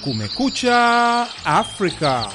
Kumekucha Afrika.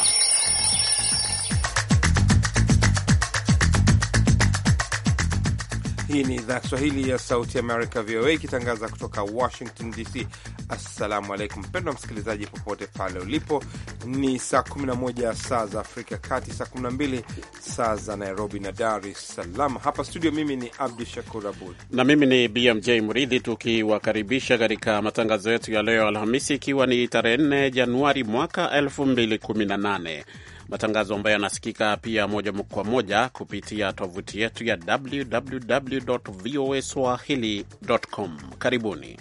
Hii ni idhaa Kiswahili ya Sauti Amerika, VOA, ikitangaza kutoka Washington DC. Assalamu alaikum mpendwa msikilizaji, popote pale ulipo. Ni saa 11 saa za Afrika Kati, saa 12 saa za Nairobi na Dar es Salaam. Hapa studio, mimi ni Abdu Shakur Abud na mimi ni BMJ Mridhi, tukiwakaribisha katika matangazo yetu ya leo Alhamisi, ikiwa ni tarehe 4 Januari mwaka 2018 matangazo ambayo yanasikika pia moja kwa moja kupitia tovuti yetu ya www voa swahili.com. Karibuni.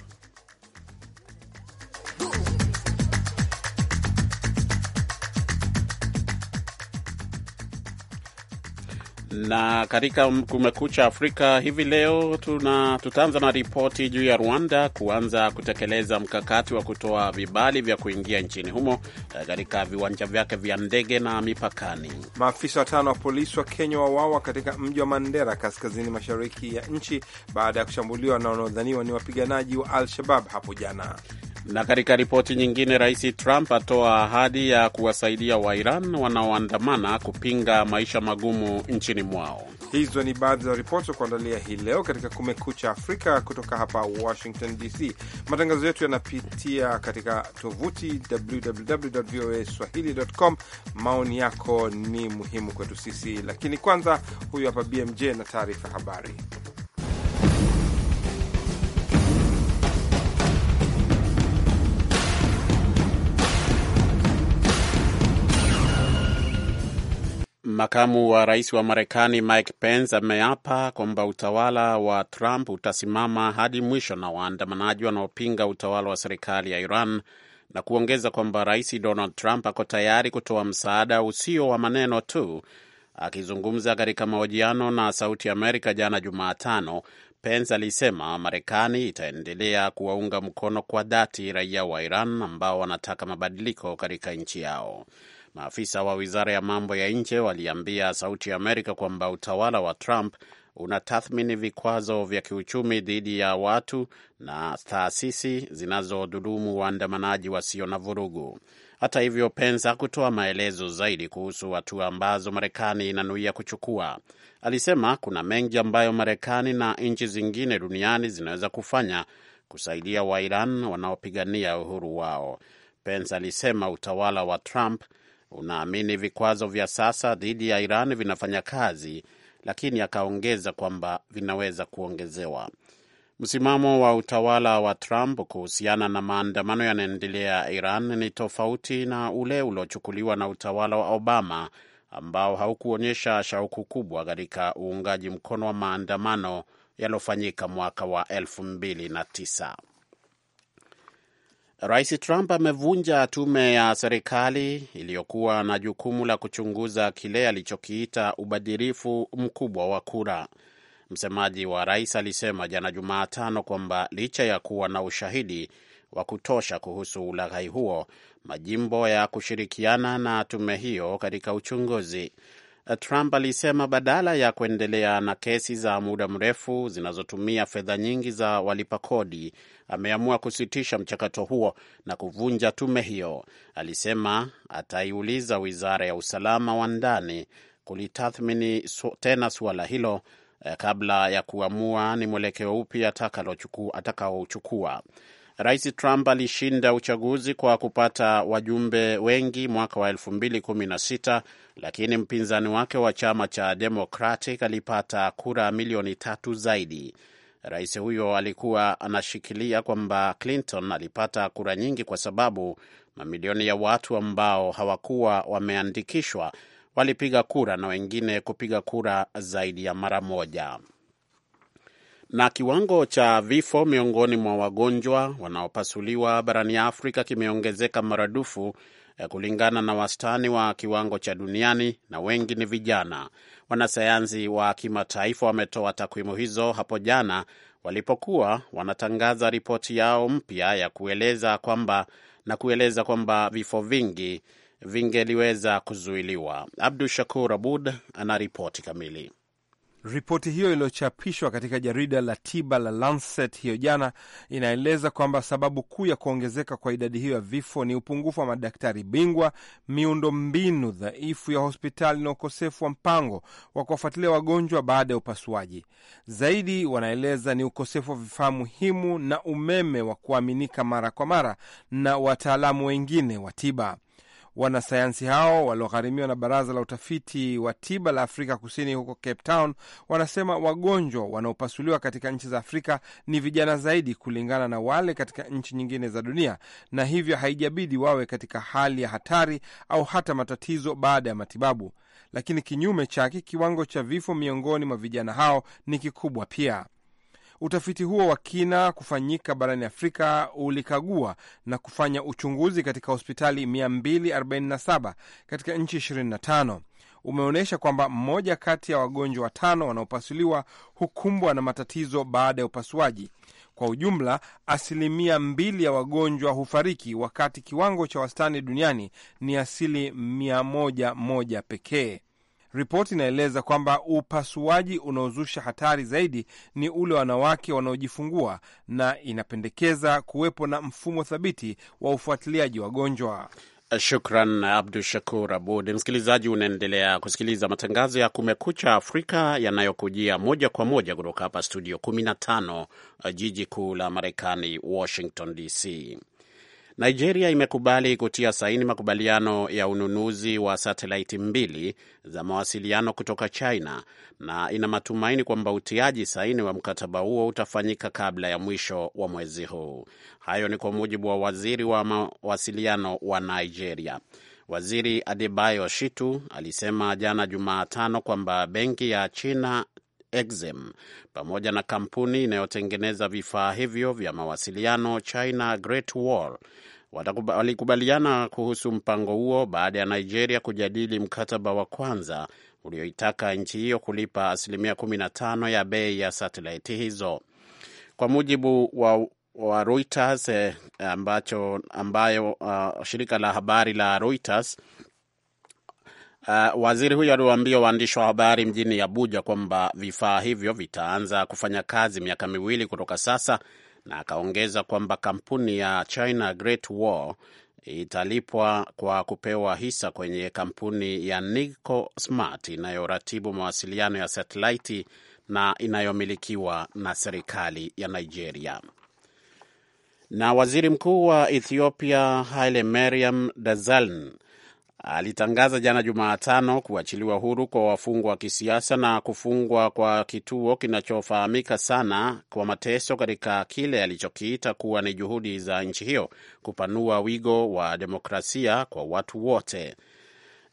Na katika Kumekucha Afrika hivi leo tuna tutaanza na ripoti juu ya Rwanda kuanza kutekeleza mkakati wa kutoa vibali vya kuingia nchini humo eh, katika viwanja vyake vya ndege na mipakani. Maafisa watano wa polisi wa Kenya wawawa katika mji wa Mandera kaskazini mashariki ya nchi baada ya kushambuliwa na wanaodhaniwa ni wapiganaji wa Al-Shabab hapo jana. Na katika ripoti nyingine, Rais Trump atoa ahadi ya kuwasaidia Wairan wanaoandamana kupinga maisha magumu nchini mwao. Hizo ni baadhi za ripoti za kuandalia hii leo katika Kumekucha Afrika kutoka hapa Washington DC. Matangazo yetu yanapitia katika tovuti www voa swahili.com. Maoni yako ni muhimu kwetu sisi, lakini kwanza, huyu hapa BMJ na taarifa habari. Makamu wa rais wa Marekani Mike Pence ameapa kwamba utawala wa Trump utasimama hadi mwisho na waandamanaji wanaopinga utawala wa serikali ya Iran na kuongeza kwamba rais Donald Trump ako tayari kutoa msaada usio wa maneno tu. Akizungumza katika mahojiano na Sauti Amerika jana Jumatano, Pence alisema Marekani itaendelea kuwaunga mkono kwa dhati raia wa Iran ambao wanataka mabadiliko katika nchi yao. Maafisa wa wizara ya mambo ya nje waliambia Sauti ya Amerika kwamba utawala wa Trump unatathmini vikwazo vya kiuchumi dhidi ya watu na taasisi zinazodhulumu waandamanaji wasio na vurugu. Hata hivyo, Pence hakutoa maelezo zaidi kuhusu hatua ambazo Marekani inanuia kuchukua. Alisema kuna mengi ambayo Marekani na nchi zingine duniani zinaweza kufanya kusaidia Wairan wanaopigania uhuru wao. Pence alisema utawala wa Trump unaamini vikwazo vya sasa dhidi ya Iran vinafanya kazi, lakini akaongeza kwamba vinaweza kuongezewa. Msimamo wa utawala wa Trump kuhusiana na maandamano yanaendelea Iran ni tofauti na ule uliochukuliwa na utawala wa Obama ambao haukuonyesha shauku kubwa katika uungaji mkono wa maandamano yaliyofanyika mwaka wa 2009. Rais Trump amevunja tume ya serikali iliyokuwa na jukumu la kuchunguza kile alichokiita ubadhirifu mkubwa wa kura. Msemaji wa rais alisema jana Jumatano kwamba licha ya kuwa na ushahidi wa kutosha kuhusu ulaghai huo, majimbo ya kushirikiana na tume hiyo katika uchunguzi. Trump alisema badala ya kuendelea na kesi za muda mrefu zinazotumia fedha nyingi za walipa kodi, ameamua kusitisha mchakato huo na kuvunja tume hiyo. Alisema ataiuliza wizara ya usalama wa ndani kulitathmini tena suala hilo eh, kabla ya kuamua ni mwelekeo upi atakaochukua. Rais Trump alishinda uchaguzi kwa kupata wajumbe wengi mwaka wa 2016 lakini mpinzani wake wa chama cha Democratic alipata kura milioni tatu zaidi. Rais huyo alikuwa anashikilia kwamba Clinton alipata kura nyingi kwa sababu mamilioni ya watu ambao hawakuwa wameandikishwa walipiga kura na wengine kupiga kura zaidi ya mara moja. Na kiwango cha vifo miongoni mwa wagonjwa wanaopasuliwa barani Afrika kimeongezeka maradufu eh, kulingana na wastani wa kiwango cha duniani, na wengi ni vijana. Wanasayansi wa kimataifa wametoa takwimu hizo hapo jana walipokuwa wanatangaza ripoti yao mpya ya kueleza kwamba na kueleza kwamba vifo vingi vingeliweza kuzuiliwa. Abdu Shakur Abud ana ripoti kamili. Ripoti hiyo iliyochapishwa katika jarida la tiba la Lancet hiyo jana inaeleza kwamba sababu kuu ya kuongezeka kwa idadi hiyo ya vifo ni upungufu wa madaktari bingwa, miundo mbinu dhaifu ya hospitali na ukosefu wa mpango wa kuwafuatilia wagonjwa baada ya upasuaji. Zaidi wanaeleza ni ukosefu wa vifaa muhimu na umeme wa kuaminika mara kwa mara na wataalamu wengine wa tiba. Wanasayansi hao waliogharimiwa na baraza la utafiti wa tiba la Afrika Kusini huko Cape Town wanasema wagonjwa wanaopasuliwa katika nchi za Afrika ni vijana zaidi kulingana na wale katika nchi nyingine za dunia, na hivyo haijabidi wawe katika hali ya hatari au hata matatizo baada ya matibabu. Lakini kinyume chake, kiwango cha vifo miongoni mwa vijana hao ni kikubwa pia. Utafiti huo wa kina kufanyika barani Afrika ulikagua na kufanya uchunguzi katika hospitali 247 katika nchi 25 umeonyesha kwamba mmoja kati ya wagonjwa watano wanaopasuliwa hukumbwa na matatizo baada ya upasuaji. Kwa ujumla, asilimia mbili ya wagonjwa hufariki, wakati kiwango cha wastani duniani ni asili mia moja moja pekee. Ripoti inaeleza kwamba upasuaji unaozusha hatari zaidi ni ule wanawake wanaojifungua na inapendekeza kuwepo na mfumo thabiti wa ufuatiliaji wagonjwa. Shukran Abdu Shakur Abud. Msikilizaji, unaendelea kusikiliza matangazo ya Kumekucha Afrika yanayokujia moja kwa moja kutoka hapa studio 15 jiji kuu la Marekani, Washington DC. Nigeria imekubali kutia saini makubaliano ya ununuzi wa satelaiti mbili za mawasiliano kutoka China na ina matumaini kwamba utiaji saini wa mkataba huo utafanyika kabla ya mwisho wa mwezi huu. Hayo ni kwa mujibu wa waziri wa mawasiliano wa Nigeria. Waziri Adebayo Shitu alisema jana Jumatano kwamba benki ya China Exim pamoja na kampuni inayotengeneza vifaa hivyo vya mawasiliano China Great Wall walikubaliana kuhusu mpango huo baada ya Nigeria kujadili mkataba wa kwanza ulioitaka nchi hiyo kulipa asilimia 15 ya bei ya satelaiti hizo, kwa mujibu wa wa Reuters, eh, ambacho ambayo uh, shirika la habari la Reuters Uh, waziri huyo aliwaambia waandishi wa habari mjini Abuja kwamba vifaa hivyo vitaanza kufanya kazi miaka miwili kutoka sasa, na akaongeza kwamba kampuni ya China Great Wall italipwa kwa kupewa hisa kwenye kampuni ya Nico Smart inayoratibu mawasiliano ya satelaiti na inayomilikiwa na serikali ya Nigeria. Na waziri mkuu wa Ethiopia Haile Mariam Desalegn alitangaza jana Jumatano kuachiliwa huru kwa wafungwa wa kisiasa na kufungwa kwa kituo kinachofahamika sana kwa mateso katika kile alichokiita kuwa ni juhudi za nchi hiyo kupanua wigo wa demokrasia kwa watu wote.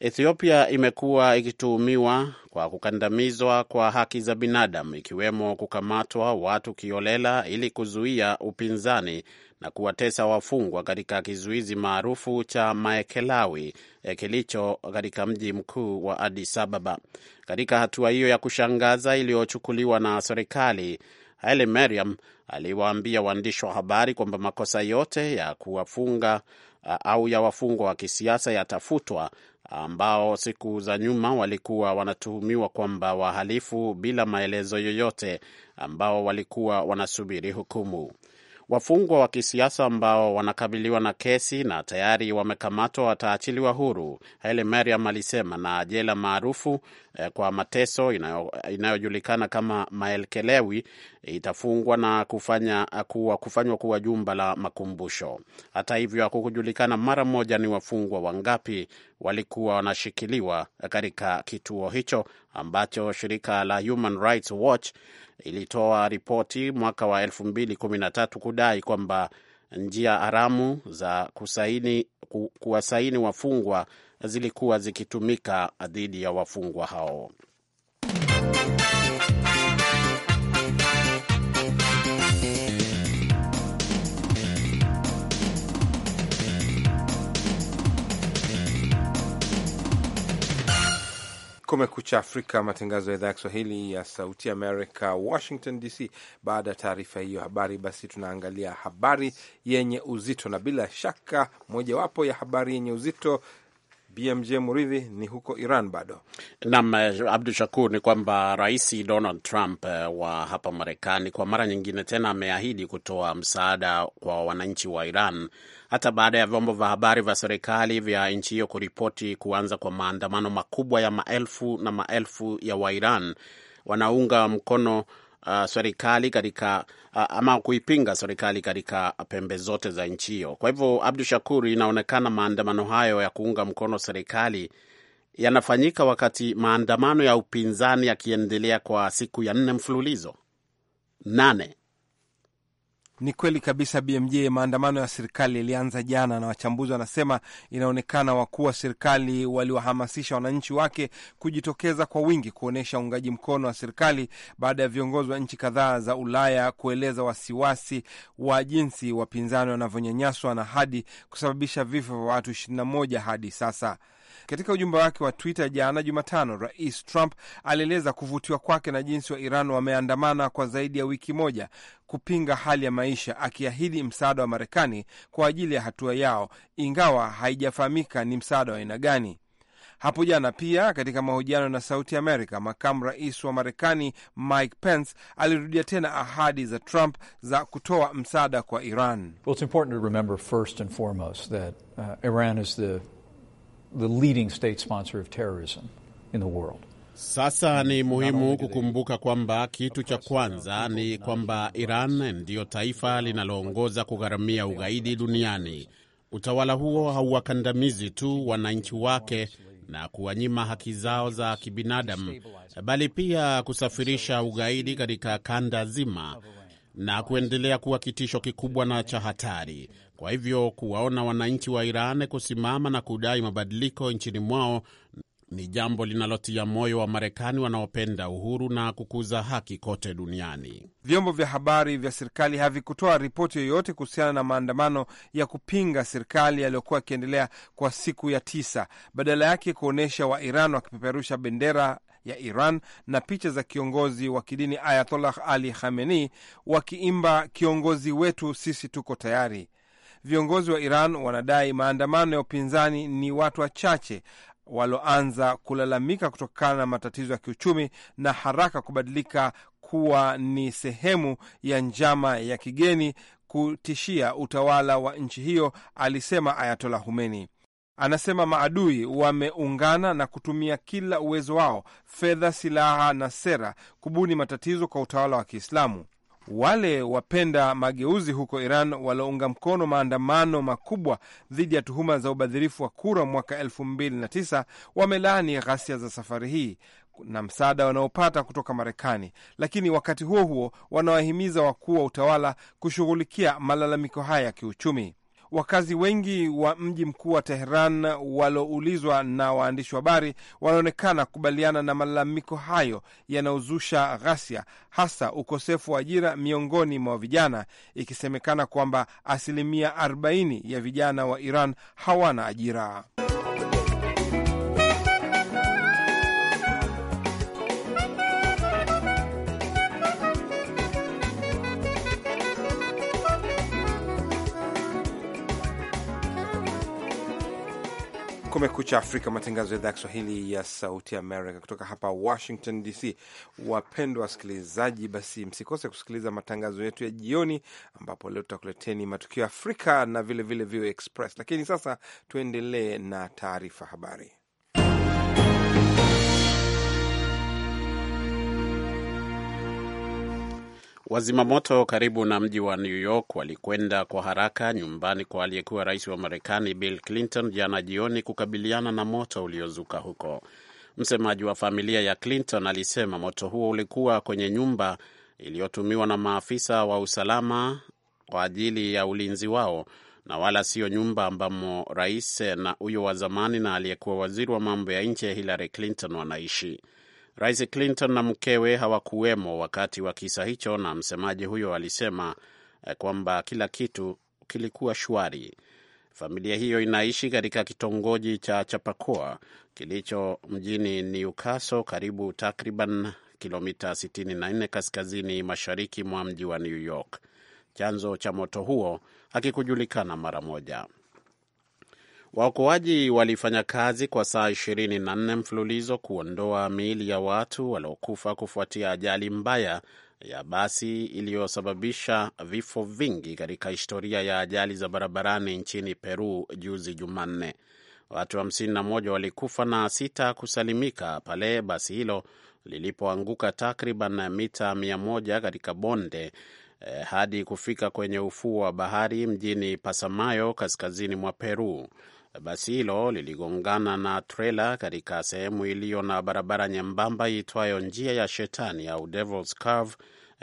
Ethiopia imekuwa ikituhumiwa kwa kukandamizwa kwa haki za binadamu, ikiwemo kukamatwa watu kiolela ili kuzuia upinzani na kuwatesa wafungwa katika kizuizi maarufu cha Maekelawi eh, kilicho katika mji mkuu wa Addis Ababa. Katika hatua hiyo ya kushangaza iliyochukuliwa na serikali, Haile Mariam aliwaambia waandishi wa habari kwamba makosa yote ya kuwafunga eh, au ya wafungwa wa kisiasa yatafutwa, ambao siku za nyuma walikuwa wanatuhumiwa kwamba wahalifu bila maelezo yoyote, ambao walikuwa wanasubiri hukumu. Wafungwa wa kisiasa ambao wanakabiliwa na kesi na tayari wamekamatwa wataachiliwa huru, Haile Mariam alisema, na jela maarufu eh, kwa mateso inayojulikana kama maelkelewi itafungwa na kufanya kuwa, kufanywa kuwa jumba la makumbusho. Hata hivyo hakukujulikana mara moja ni wafungwa wangapi walikuwa wanashikiliwa katika kituo hicho ambacho shirika la Human Rights Watch ilitoa ripoti mwaka wa 2013 kudai kwamba njia haramu za kusaini, ku, kuwasaini wafungwa zilikuwa zikitumika dhidi ya wafungwa hao. Kumekucha Afrika, matangazo ya idhaa ya Kiswahili ya Sauti Amerika, Washington DC. Baada ya taarifa hiyo habari, basi tunaangalia habari yenye uzito, na bila shaka mojawapo ya habari yenye uzito BMJ Muridhi ni huko Iran bado. Naam, Abdu Shakur, ni kwamba Rais Donald Trump eh, wa hapa Marekani kwa mara nyingine tena ameahidi kutoa msaada kwa wananchi wa Iran hata baada ya vyombo vya habari vya serikali vya nchi hiyo kuripoti kuanza kwa maandamano makubwa ya maelfu na maelfu ya Wairan wanaunga mkono Uh, serikali katika uh, ama kuipinga serikali katika pembe zote za nchi hiyo. Kwa hivyo, Abdu Shakur, inaonekana maandamano hayo ya kuunga mkono serikali yanafanyika wakati maandamano ya upinzani yakiendelea kwa siku ya nne mfululizo nane. Ni kweli kabisa BMJ. Maandamano ya serikali yalianza jana, na wachambuzi wanasema inaonekana wakuu wa serikali waliwahamasisha wananchi wake kujitokeza kwa wingi kuonyesha uungaji mkono wa serikali baada ya viongozi wa nchi kadhaa za Ulaya kueleza wasiwasi wa jinsi wapinzani wanavyonyanyaswa na hadi kusababisha vifo vya watu 21 hadi sasa. Katika ujumbe wake wa Twitter jana Jumatano, Rais Trump alieleza kuvutiwa kwake na jinsi wa Iran wameandamana kwa zaidi ya wiki moja kupinga hali ya maisha, akiahidi msaada wa Marekani kwa ajili ya hatua yao, ingawa haijafahamika ni msaada wa aina gani. Hapo jana pia, katika mahojiano na Sauti Amerika, makamu rais wa Marekani Mike Pence alirudia tena ahadi za Trump za kutoa msaada kwa Iran. Well, the leading state sponsor of terrorism in the world. Sasa ni muhimu kukumbuka kwamba kitu cha kwanza ni kwamba Iran ndiyo taifa uh, linaloongoza kugharamia ugaidi duniani. Utawala huo hauwakandamizi tu wananchi wake na kuwanyima haki zao za kibinadamu, bali pia kusafirisha ugaidi katika kanda zima na kuendelea kuwa kitisho kikubwa na cha hatari. Kwa hivyo kuwaona wananchi wa Iran kusimama na kudai mabadiliko nchini mwao ni jambo linalotia moyo wa Marekani wanaopenda uhuru na kukuza haki kote duniani. Vyombo vya habari vya serikali havikutoa ripoti yoyote kuhusiana na maandamano ya kupinga serikali yaliyokuwa yakiendelea kwa siku ya tisa, badala yake kuonyesha Wairan wakipeperusha bendera ya Iran na picha za kiongozi wa kidini Ayatollah Ali Khamenei wakiimba kiongozi wetu, sisi tuko tayari viongozi wa Iran wanadai maandamano ya upinzani ni watu wachache walioanza kulalamika kutokana na matatizo ya kiuchumi na haraka kubadilika kuwa ni sehemu ya njama ya kigeni kutishia utawala wa nchi hiyo, alisema Ayatola Humeni. Anasema maadui wameungana na kutumia kila uwezo wao, fedha, silaha na sera kubuni matatizo kwa utawala wa Kiislamu. Wale wapenda mageuzi huko Iran waliounga mkono maandamano makubwa dhidi ya tuhuma za ubadhirifu wa kura mwaka 2009 wamelaani ghasia za safari hii na msaada wanaopata kutoka Marekani, lakini wakati huo huo wanawahimiza wakuu wa utawala kushughulikia malalamiko haya ya kiuchumi. Wakazi wengi wa mji mkuu wa Teheran walioulizwa na waandishi wa habari wanaonekana kukubaliana na malalamiko hayo yanayozusha ghasia, hasa ukosefu wa ajira miongoni mwa vijana, ikisemekana kwamba asilimia 40 ya vijana wa Iran hawana ajira. Kumekucha Afrika, matangazo ya idhaa ya Kiswahili ya Sauti Amerika kutoka hapa Washington DC. Wapendwa wasikilizaji, basi msikose kusikiliza matangazo yetu ya jioni, ambapo leo tutakuleteni matukio ya Afrika na vilevile VOA Express. Lakini sasa tuendelee na taarifa habari. Wazimamoto karibu na mji wa New York walikwenda kwa haraka nyumbani kwa aliyekuwa rais wa Marekani Bill Clinton jana jioni kukabiliana na moto uliozuka huko. Msemaji wa familia ya Clinton alisema moto huo ulikuwa kwenye nyumba iliyotumiwa na maafisa wa usalama kwa ajili ya ulinzi wao na wala sio nyumba ambamo rais na huyo wa zamani na aliyekuwa waziri wa mambo ya nje Hillary Clinton wanaishi. Rais Clinton na mkewe hawakuwemo wakati wa kisa hicho, na msemaji huyo alisema eh, kwamba kila kitu kilikuwa shwari. Familia hiyo inaishi katika kitongoji cha Chapakoa kilicho mjini Newcastle, karibu takriban kilomita 64 kaskazini mashariki mwa mji wa New York. Chanzo cha moto huo hakikujulikana mara moja. Waokoaji walifanya kazi kwa saa 24 mfululizo kuondoa miili ya watu waliokufa kufuatia ajali mbaya ya basi iliyosababisha vifo vingi katika historia ya ajali za barabarani nchini Peru juzi Jumanne. Watu 51 walikufa na sita kusalimika pale basi hilo lilipoanguka takriban mita 100 katika bonde eh, hadi kufika kwenye ufuo wa bahari mjini Pasamayo kaskazini mwa Peru. Basi hilo liligongana na trela katika sehemu iliyo na barabara nyembamba iitwayo njia ya Shetani au Devil's Curve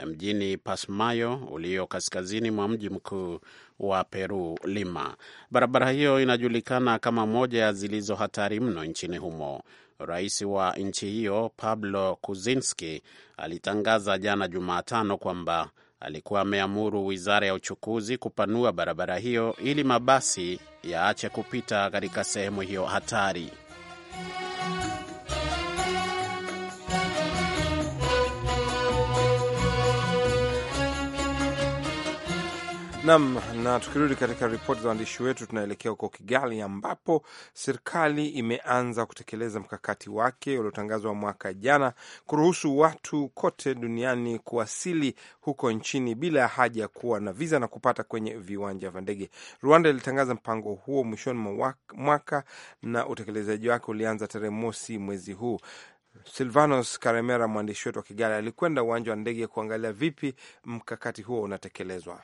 mjini Pasmayo ulio kaskazini mwa mji mkuu wa Peru, Lima. Barabara hiyo inajulikana kama moja ya zilizo hatari mno nchini humo. Rais wa nchi hiyo Pablo Kuzinski alitangaza jana Jumatano kwamba alikuwa ameamuru wizara ya uchukuzi kupanua barabara hiyo ili mabasi yaache kupita katika sehemu hiyo hatari. Nam na tukirudi katika ripoti za waandishi wetu, tunaelekea huko Kigali ambapo serikali imeanza kutekeleza mkakati wake uliotangazwa mwaka jana kuruhusu watu kote duniani kuwasili huko nchini bila ya haja ya kuwa na viza na kupata kwenye viwanja vya ndege. Rwanda ilitangaza mpango huo mwishoni mwa mwaka na utekelezaji wake ulianza tarehe mosi mwezi huu. Silvanos Karemera, mwandishi wetu wa Kigali, alikwenda uwanja wa ndege kuangalia vipi mkakati huo unatekelezwa.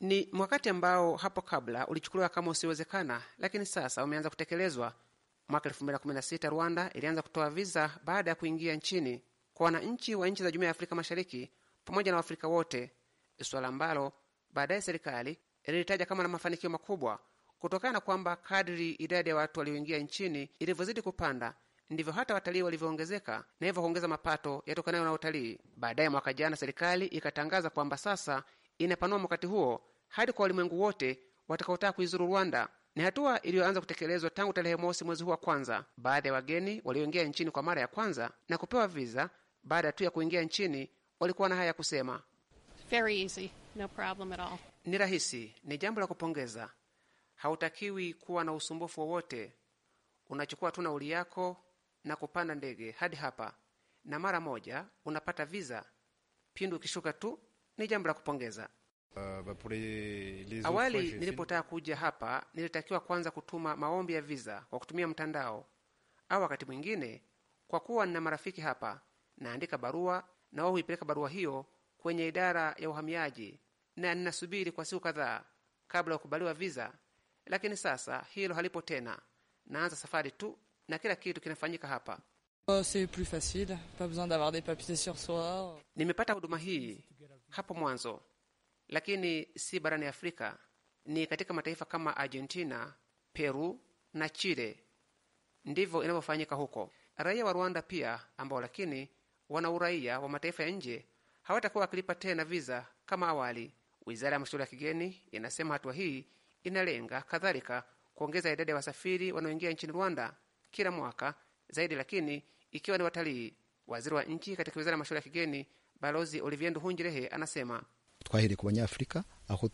Ni mwakati ambao hapo kabla ulichukuliwa kama usiowezekana, lakini sasa umeanza kutekelezwa. Mwaka sita Rwanda ilianza kutoa viza baada ya kuingia nchini kwa wananchi wa nchi za Jumuiya ya Afrika Mashariki pamoja na Waafrika wote, suala ambalo baadaye serikali ililitaja kama na mafanikio makubwa kutokana na kwamba kadri idadi ya watu walioingia nchini ilivyozidi kupanda ndivyo hata watalii walivyoongezeka na hivyo kuongeza mapato yatokanayo na utalii. Baadaye mwaka jana serikali ikatangaza kwamba sasa inapanua mkakati huo hadi kwa walimwengu wote watakaotaka kuizuru Rwanda. Ni hatua iliyoanza kutekelezwa tangu tarehe mosi mwezi huu wa kwanza. Baadhi ya wageni walioingia nchini kwa mara ya kwanza na kupewa viza baada tu ya kuingia nchini walikuwa na haya ya kusema: Very easy. No problem at all. Ni rahisi, ni jambo la kupongeza. Hautakiwi kuwa na usumbufu wowote, unachukua tu nauli yako na kupanda ndege hadi hapa, na mara moja unapata viza. Pindi ukishuka tu ni jambo la kupongeza. Uh, awali nilipotaka kuja hapa nilitakiwa kwanza kutuma maombi ya viza kwa kutumia mtandao, au wakati mwingine, kwa kuwa nina marafiki hapa, naandika barua na wao huipeleka barua hiyo kwenye idara ya uhamiaji, na ninasubiri kwa siku kadhaa kabla ya kukubaliwa viza. Lakini sasa hilo halipo tena, naanza safari tu na kila kitu kinafanyika hapa. Oh, c'est plus facile, pas besoin d'avoir des papiers sur soi. Nimepata huduma hii hapo mwanzo, lakini si barani Afrika, ni katika mataifa kama Argentina, Peru na Chile. Ndivyo inavyofanyika huko. Raia wa Rwanda pia ambao lakini wana uraia wa mataifa ya nje hawatakuwa wakilipa tena viza kama awali. Wizara ya mashauri ya kigeni inasema hatua hii inalenga kadhalika kuongeza idadi ya wasafiri wanaoingia nchini Rwanda kila mwaka zaidi, lakini ikiwa ni watalii. Waziri wa nchi katika wizara ya mashauri ya kigeni Balozi Olivier Nduhungirehe anasema twahereye ku Banyafurika aho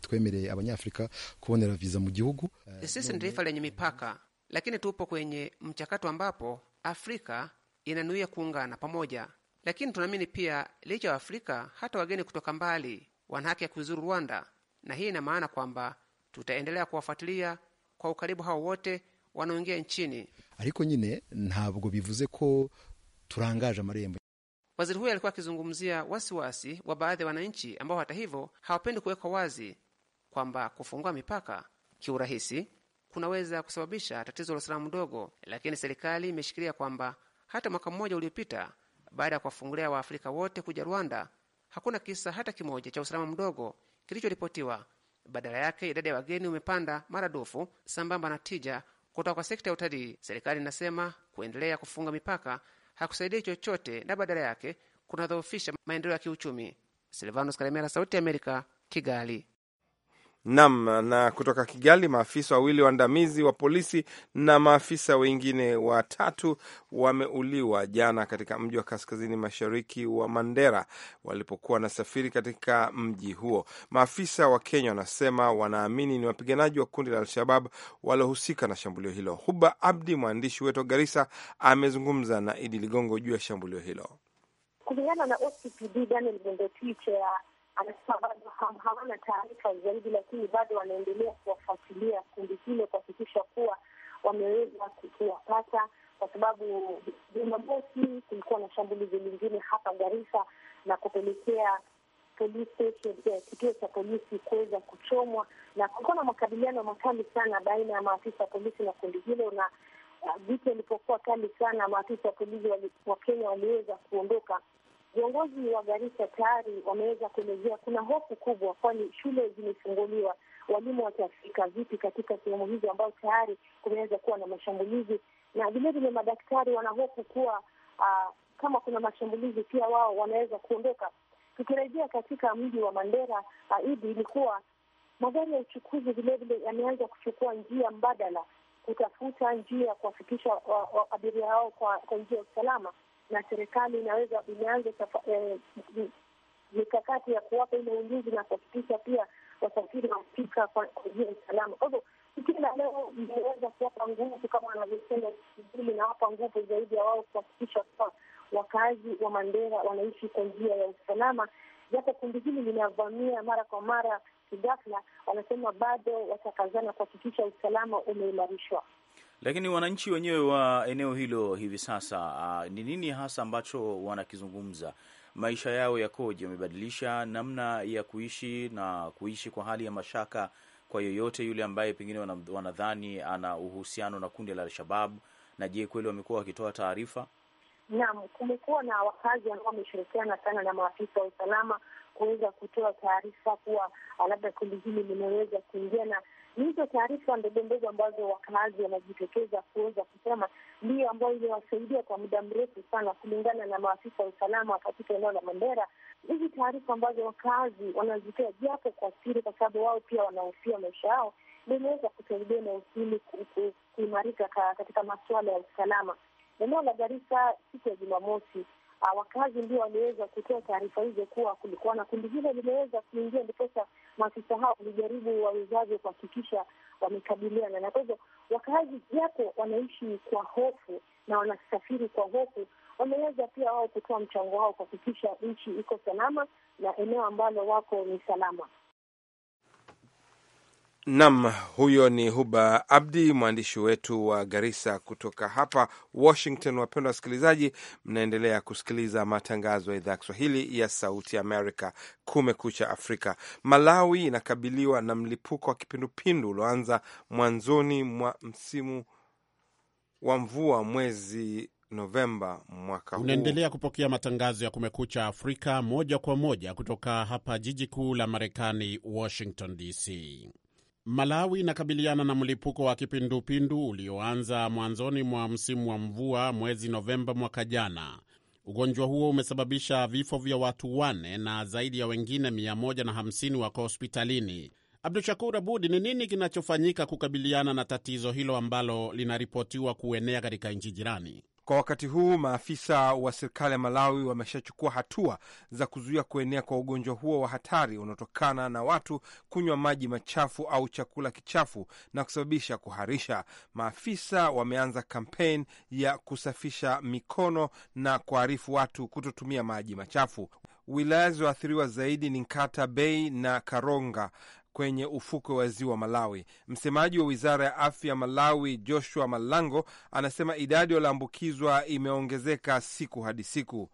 twemereye abanyafrika kubonera viza mu gihugu. Sisi ni taifa lenye mipaka, lakini tupo kwenye mchakato ambapo Afrika inanuia kuungana pamoja, lakini tunaamini pia licha ya Afrika hata wageni kutoka mbali wana haki ya kuzuru Rwanda, na hii ina maana kwamba tutaendelea kuwafuatilia kwa ukaribu hao wote wanaoingia nchini ariko nyine ntabwo bivuze ko turangaje amarembo Waziri huyo alikuwa akizungumzia wasiwasi wa baadhi ya wananchi ambao hata hivyo hawapendi kuwekwa wazi kwamba kufungua mipaka kiurahisi kunaweza kusababisha tatizo la usalama mdogo, lakini serikali imeshikilia kwamba hata mwaka mmoja uliopita baada ya kuwafungulia Waafrika wote kuja Rwanda, hakuna kisa hata kimoja cha usalama mdogo kilichoripotiwa. Badala yake idadi ya wageni umepanda maradufu sambamba na tija kutoka kwa sekta ya utalii. Serikali inasema kuendelea kufunga mipaka hakusaidia chochote na badala yake kunadhoofisha maendeleo ya kiuchumi. Silvanos Karemera, Sauti ya Amerika, Kigali. Nam. Na kutoka Kigali, maafisa wawili waandamizi wa polisi na maafisa wengine watatu wameuliwa jana katika mji wa kaskazini mashariki wa Mandera walipokuwa wanasafiri katika mji huo. Maafisa wa Kenya wanasema wanaamini ni wapiganaji wa kundi la Al-Shabab waliohusika na shambulio hilo. Huba Abdi, mwandishi wetu wa Garissa, amezungumza na Idi Ligongo juu ya shambulio hilo. Kulingana na OCPD Daniel Anasema bado hawana taarifa zaidi, lakini bado wanaendelea kuwafuatilia kundi hilo kuhakikisha kuwa wameweza kuwapata, kwa sababu Jumamosi kulikuwa na shambulizi lingine hapa Garissa na kupelekea eh, kituo cha polisi kuweza kuchomwa, na kulikuwa na makabiliano makali sana baina ya maafisa wa polisi na kundi hilo na eh, vita ilipokuwa kali sana, maafisa wa polisi wa Kenya waliweza kuondoka Viongozi wa Garissa tayari wameweza kuelezea kuna hofu kubwa, kwani shule zimefunguliwa, walimu watafika vipi katika sehemu hizo ambao tayari kumeweza kuwa na mashambulizi, na vilevile madaktari wanahofu kuwa uh, kama kuna mashambulizi pia wao wanaweza kuondoka. Tukirejea katika mji wa Mandera, uh, ah, ni kuwa magari ya uchukuzi vilevile yameanza kuchukua njia mbadala kutafuta njia ya kuwafikisha ah, abiria hao kwa njia ya usalama na serikali inaweza imeanza eh, mikakati ya kuwapa ile ulinzi na kuhakikisha pia wasafiri wanafika kwa njia usalama. Kwa hivyo kila leo imeweza kuwapa nguvu kama wanavyosema, ili nawapa nguvu zaidi ya wao kuhakikisha kuwa wakazi wa Mandera wanaishi kwa njia ya usalama, japo kundi hili linavamia mara kwa mara kighafla. Wanasema bado watakazana kuhakikisha usalama umeimarishwa. Lakini wananchi wenyewe wa eneo hilo hivi sasa ah, ni nini hasa ambacho wanakizungumza? Maisha yao yakoje? Wamebadilisha namna ya kuishi na kuishi kwa hali ya mashaka kwa yoyote yule ambaye pengine wanadhani ana uhusiano na kundi la Alshababu? Na je, kweli wamekuwa wakitoa taarifa? Naam, kumekuwa na wakazi ambao wameshirikiana sana na maafisa wa usalama kuweza kutoa taarifa kuwa ah, labda kundi hili limeweza kuingia na Hizo taarifa ndogondogo ambazo wakaazi wanajitokeza kuweza kusema ndiyo ambayo imewasaidia kwa muda mrefu sana, kulingana na maafisa wa usalama katika eneo la Mandera. Hizi taarifa ambazo wakaazi wanazitoa japo kwa siri, kwa sababu wao pia wanahofia maisha yao, limeweza kusaidia eneo hili kuimarika katika masuala ya usalama. Eneo la Garissa siku ya Jumamosi uh, wakazi ndio waliweza kutoa taarifa hizo kuwa kulikuwa na kundi hilo limeweza kuingia, ndiposa maafisa hao walijaribu wawezavyo kuhakikisha wamekabiliana na. Kwa hivyo wakazi, japo wanaishi kwa hofu na wanasafiri kwa hofu, wameweza pia wao kutoa mchango wao kuhakikisha nchi iko salama na eneo ambalo wako ni salama. Nam, huyo ni Huba Abdi, mwandishi wetu wa Garissa. Kutoka hapa Washington, wapendwa wasikilizaji, mnaendelea kusikiliza matangazo ya idhaa ya Kiswahili ya Sauti Amerika, Kumekucha Afrika. Malawi inakabiliwa na mlipuko wa kipindupindu ulioanza mwanzoni mwa msimu wa mvua mwezi Novemba mwaka huu. Unaendelea kupokea matangazo ya Kumekucha Afrika moja kwa moja kutoka hapa jiji kuu la Marekani, Washington DC. Malawi inakabiliana na mlipuko wa kipindupindu ulioanza mwanzoni mwa msimu wa mvua mwezi Novemba mwaka jana. Ugonjwa huo umesababisha vifo vya watu wane na zaidi ya wengine 150 wako hospitalini. Abdu Shakur Abud, ni nini kinachofanyika kukabiliana na tatizo hilo ambalo linaripotiwa kuenea katika nchi jirani? Kwa wakati huu maafisa wa serikali ya Malawi wameshachukua hatua za kuzuia kuenea kwa ugonjwa huo wa hatari unaotokana na watu kunywa maji machafu au chakula kichafu na kusababisha kuharisha. Maafisa wameanza kampeni ya kusafisha mikono na kuarifu watu kutotumia maji machafu. Wilaya zilizoathiriwa zaidi ni Nkata Bay na Karonga kwenye ufukwe wa ziwa Malawi. Msemaji wa wizara ya afya Malawi, Joshua Malango, anasema idadi ya walioambukizwa imeongezeka siku hadi siku.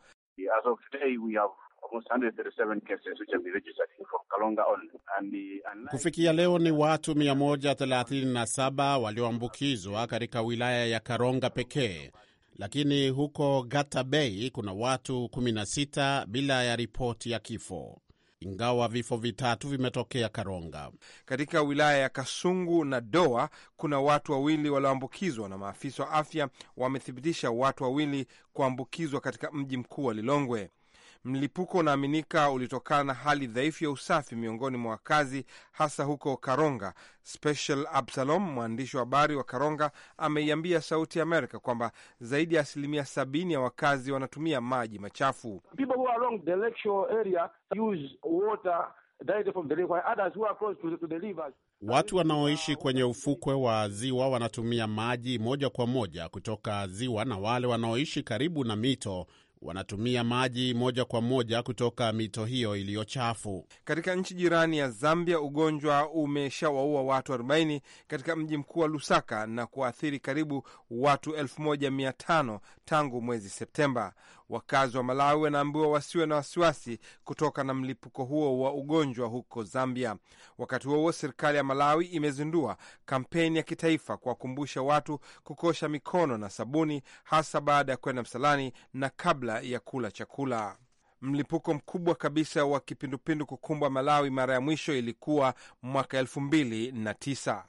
Kufikia leo ni watu 137 walioambukizwa katika wilaya ya Karonga pekee, lakini huko Gata Bay kuna watu 16 bila ya ripoti ya kifo ingawa vifo vitatu vimetokea Karonga. Katika wilaya ya Kasungu na Doa kuna watu wawili walioambukizwa na maafisa wa afya wamethibitisha watu wawili kuambukizwa katika mji mkuu wa Lilongwe. Mlipuko unaaminika ulitokana na hali dhaifu ya usafi miongoni mwa wakazi, hasa huko Karonga. Special Absalom, mwandishi wa habari wa Karonga, ameiambia Sauti ya Amerika kwamba zaidi ya asilimia sabini ya wakazi wanatumia maji machafu. Watu wanaoishi kwenye ufukwe wa ziwa wanatumia maji moja kwa moja kutoka ziwa na wale wanaoishi karibu na mito wanatumia maji moja kwa moja kutoka mito hiyo iliyo chafu. Katika nchi jirani ya Zambia, ugonjwa umeshawaua watu 40 katika mji mkuu wa Lusaka na kuathiri karibu watu 1500 tangu mwezi Septemba. Wakazi wa Malawi wanaambiwa wasiwe na wasiwasi kutoka na mlipuko huo wa ugonjwa huko Zambia. Wakati huo huo, serikali ya Malawi imezindua kampeni ya kitaifa kuwakumbusha watu kukosha mikono na sabuni, hasa baada ya kwenda msalani na kabla ya kula chakula. Mlipuko mkubwa kabisa wa kipindupindu kukumbwa Malawi mara ya mwisho ilikuwa mwaka elfu mbili na tisa.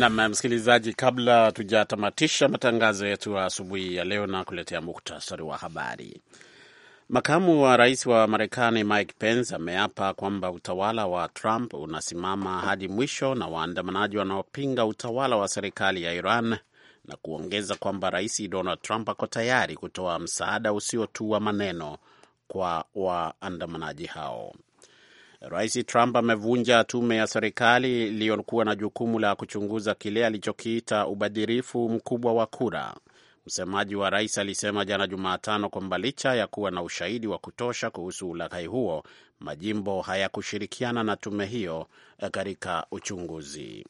Nam msikilizaji, kabla tujatamatisha matangazo yetu asubuhi ya leo na kuletea muktasari wa habari, makamu wa rais wa Marekani Mike Pence ameapa kwamba utawala wa Trump unasimama hadi mwisho na waandamanaji wanaopinga utawala wa serikali ya Iran na kuongeza kwamba rais Donald Trump ako tayari kutoa msaada usio tu wa maneno kwa waandamanaji hao. Rais Trump amevunja tume ya serikali iliyokuwa na jukumu la kuchunguza kile alichokiita ubadhirifu mkubwa wa kura. Msemaji wa rais alisema jana Jumatano kwamba licha ya kuwa na ushahidi wa kutosha kuhusu ulaghai huo, majimbo hayakushirikiana na tume hiyo katika uchunguzi.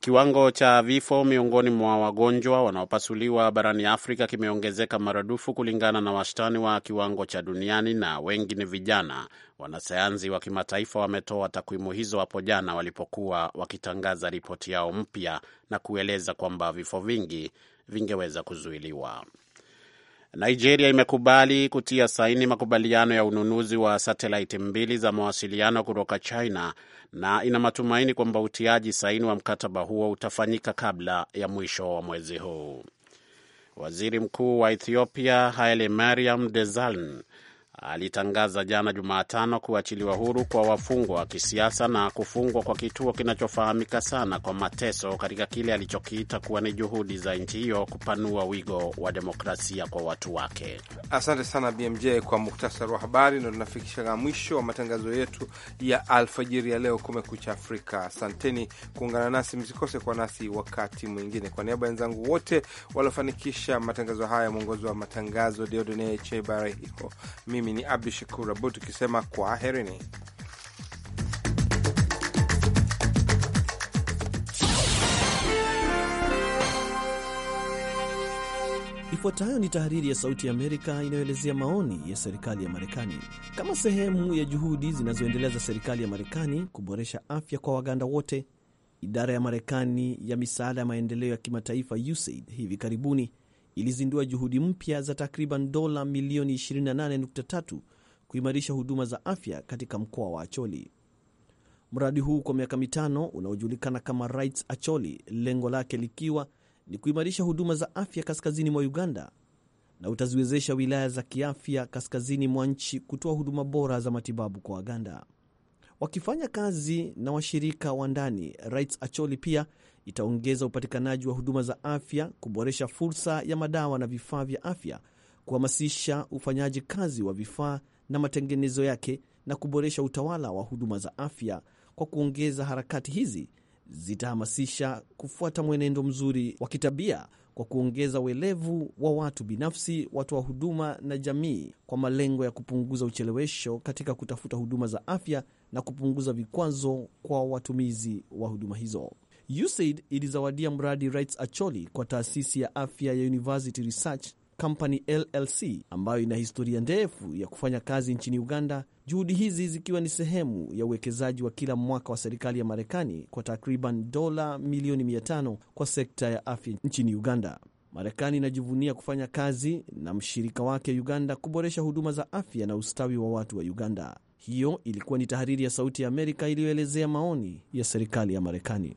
Kiwango cha vifo miongoni mwa wagonjwa wanaopasuliwa barani Afrika kimeongezeka maradufu kulingana na wastani wa kiwango cha duniani, na wengi ni vijana. Wanasayansi wa kimataifa wametoa takwimu hizo hapo jana walipokuwa wakitangaza ripoti yao mpya na kueleza kwamba vifo vingi vingeweza kuzuiliwa. Nigeria imekubali kutia saini makubaliano ya ununuzi wa satelaiti mbili za mawasiliano kutoka China na ina matumaini kwamba utiaji saini wa mkataba huo utafanyika kabla ya mwisho wa mwezi huu. Waziri Mkuu wa Ethiopia Haile Mariam Desalegn alitangaza jana Jumatano kuachiliwa huru kwa wafungwa wa kisiasa na kufungwa kwa kituo kinachofahamika sana kwa mateso katika kile alichokiita kuwa ni juhudi za nchi hiyo kupanua wigo wa demokrasia kwa watu wake. Asante sana BMJ kwa muktasari wa habari, na tunafikisha mwisho wa matangazo yetu ya alfajiri ya leo, Kumekucha Afrika. Asanteni kuungana nasi, msikose kwa nasi wakati mwingine. Kwa niaba ya wenzangu wote waliofanikisha matangazo haya, mwongozi wa matangazo Deodone mimi mimi ni Abdu Shakur Abud tukisema kwaherini. Ifuatayo ni tahariri ya Sauti ya Amerika inayoelezea maoni ya serikali ya Marekani. Kama sehemu ya juhudi zinazoendelea za serikali ya Marekani kuboresha afya kwa Waganda wote, idara ya Marekani ya misaada ya maendeleo ya kimataifa USAID hivi karibuni ilizindua juhudi mpya za takriban dola milioni 28.3 kuimarisha huduma za afya katika mkoa wa Acholi. Mradi huu kwa miaka mitano unaojulikana kama Rights Acholi, lengo lake likiwa ni kuimarisha huduma za afya kaskazini mwa Uganda na utaziwezesha wilaya za kiafya kaskazini mwa nchi kutoa huduma bora za matibabu kwa Waganda. Wakifanya kazi na washirika wa ndani, Rights Acholi pia itaongeza upatikanaji wa huduma za afya, kuboresha fursa ya madawa na vifaa vya afya, kuhamasisha ufanyaji kazi wa vifaa na matengenezo yake, na kuboresha utawala wa huduma za afya. Kwa kuongeza harakati hizi zitahamasisha kufuata mwenendo mzuri wa kitabia kwa kuongeza uelevu wa watu binafsi, watoa wa huduma na jamii, kwa malengo ya kupunguza uchelewesho katika kutafuta huduma za afya na kupunguza vikwazo kwa watumizi wa huduma hizo. USAID ilizawadia mradi Rights Acholi kwa taasisi ya afya ya University Research Company LLC ambayo ina historia ndefu ya kufanya kazi nchini Uganda, juhudi hizi zikiwa ni sehemu ya uwekezaji wa kila mwaka wa serikali ya Marekani kwa takriban dola milioni 500 kwa sekta ya afya nchini Uganda. Marekani inajivunia kufanya kazi na mshirika wake Uganda kuboresha huduma za afya na ustawi wa watu wa Uganda. Hiyo ilikuwa ni tahariri ya Sauti ya Amerika iliyoelezea maoni ya serikali ya Marekani.